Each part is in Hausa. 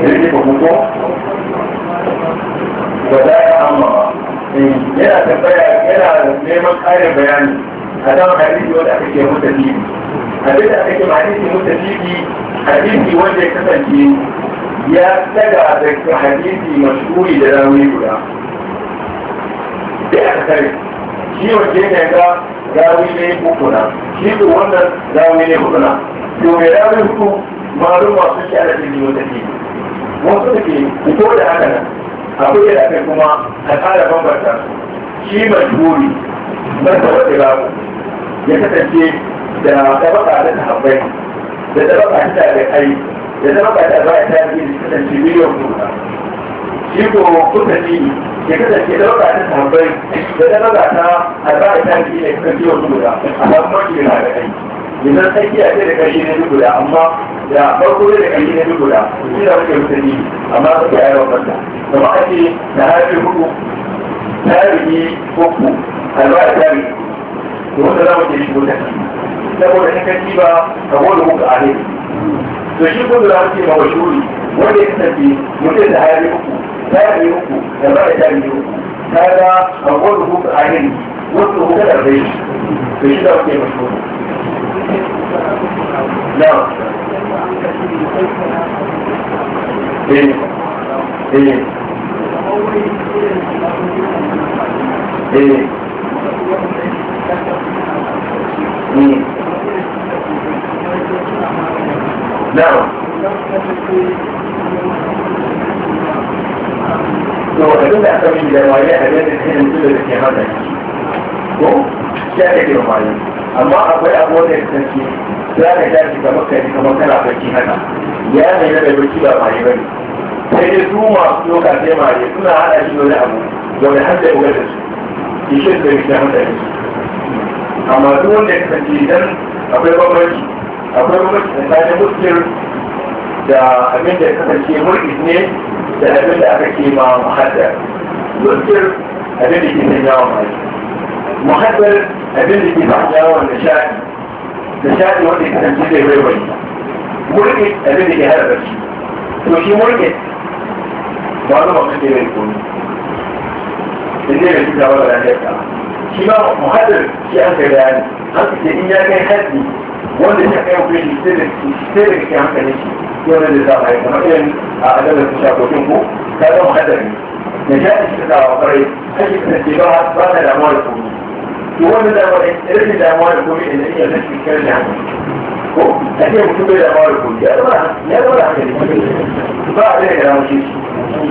يجب الوقوع وذلك أمر yana tambaya yana neman ƙarin bayani a kan hadisi wanda aka ke mutu tibi abin da aka ke hadisi mutu tibi hadisi wanda ya kasance ya daga da hadisi mashuri da rawi guda sai aka kare shi wace ne ga gawi ne uku na shi to wannan gawi ne uku na to mai gawi uku malum masu shi ala jirgin wata ke wasu da ke fito da haka nan akwai da kai kuma a tsara bambanta shi mai turi na tawa da gawo ya kasance da tabaka da ta sahabbai da tabaka da tabi'ai da tabaka da ba'a ta da kasance miliyan kuma shi ko kusa ne ya kasance da wata ta tambayi da ta maza ta alba'a ta ke da kan ciwon guda a samu mafi na da kai yanzu sai kiya ce da kashi na guda amma da farko da kashi na guda shi da wata mutum ne amma sai ya yi wa kanta kuma ake da harfi hudu tarihi uku alba'a tarihi to wanda za mu ke shigo ta saboda ta kashi ba ka wani muka a ne to shi kuma da ake mawashuri wanda ya kasance mutum da harfi uku jari uku da ba da jari uku kaga a kowane da a yin wasu hutu da bai to shi da kuke mashi na eh eh eh Now, to abin da aka min da waye a yadda cikin su da ke hada ko shi aka ke waye amma akwai abuwa da kasance za ka shi kamar kai kamar kana bacci haka ya ne na da bacci ba waye bane sai dai su masu doka sai maye suna hada shi wani abu wanda har da ya da su ishe da ya da shi amma duk wanda ya kasance idan akwai bambanci akwai bambanci tsakanin muslim da abin da ya kasance mulki ne ان تلبد أكيما محذر يؤثر أبنة ان يوم محذر أبنة بعد يوم النشاك نشاك يؤدي تنزيل الريوي مركت أبنة هذا الرشي توشي مركت بعضهم ان يكون النبي سيدة ولا لا يبقى شما محذر شيء أنت الآن قلت إياك يخذني وانت شكاوك يشترك يشترك يعمل شيء يوم اللي زام هاي مثلا عدد التشابكين هو كلام خدمي نجاح التعاطي يجب الاتباع بعد الأموال الكومية يقول ده رجل الأموال الكومية اللي هي التي تتكلم عنها هو هي مكتوبة الأموال الكومية أنا ما لا ولا أحد بعد ذلك أنا مشيت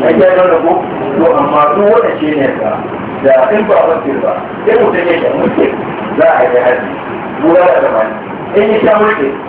أجي أنا لكم هو أما هو الشيء هذا لا إيه إيه تنفع إيه ولا تنفع ده متنجح ممكن لا هذا هذا ولا هذا ما إني شامل كده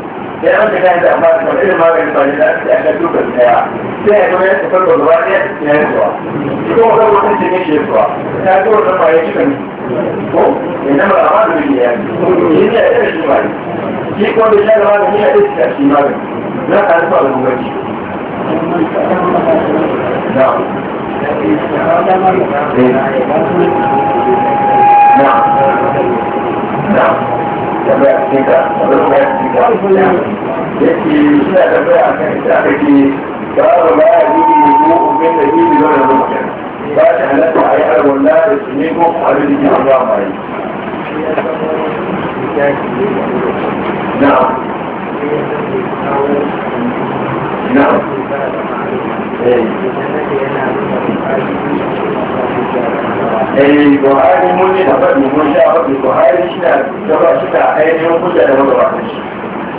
da yawan da kayan da amma da kamar irin maganin ba ne da ake aka dukkan daya sai ya zama ya tafar da gaba ɗaya ya yi zuwa cikin wata wata ce ne shi zuwa ta zo wata ba ya kan ko ya zama da amma da bai ya yi ne ya yi shi ba ne shi kuma ya sha da magani ya yi shi shi magani na ƙarfi ba da gugaci. Na'am. Na'am. Na'am. da bai a cikin ka da a ka a ba ta da ba yi. Eh. eh buhari mun yi tabbas mun sha faɗi buhari shi na gaba shi ainihin hujja da shi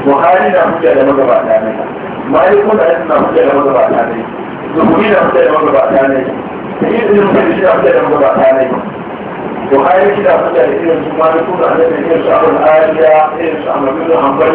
buhari na hujja da ne da na hujja da ne na hujja da ne mutum shi na hujja da ne buhari shi na hujja da irin su da irin su ariya irin su da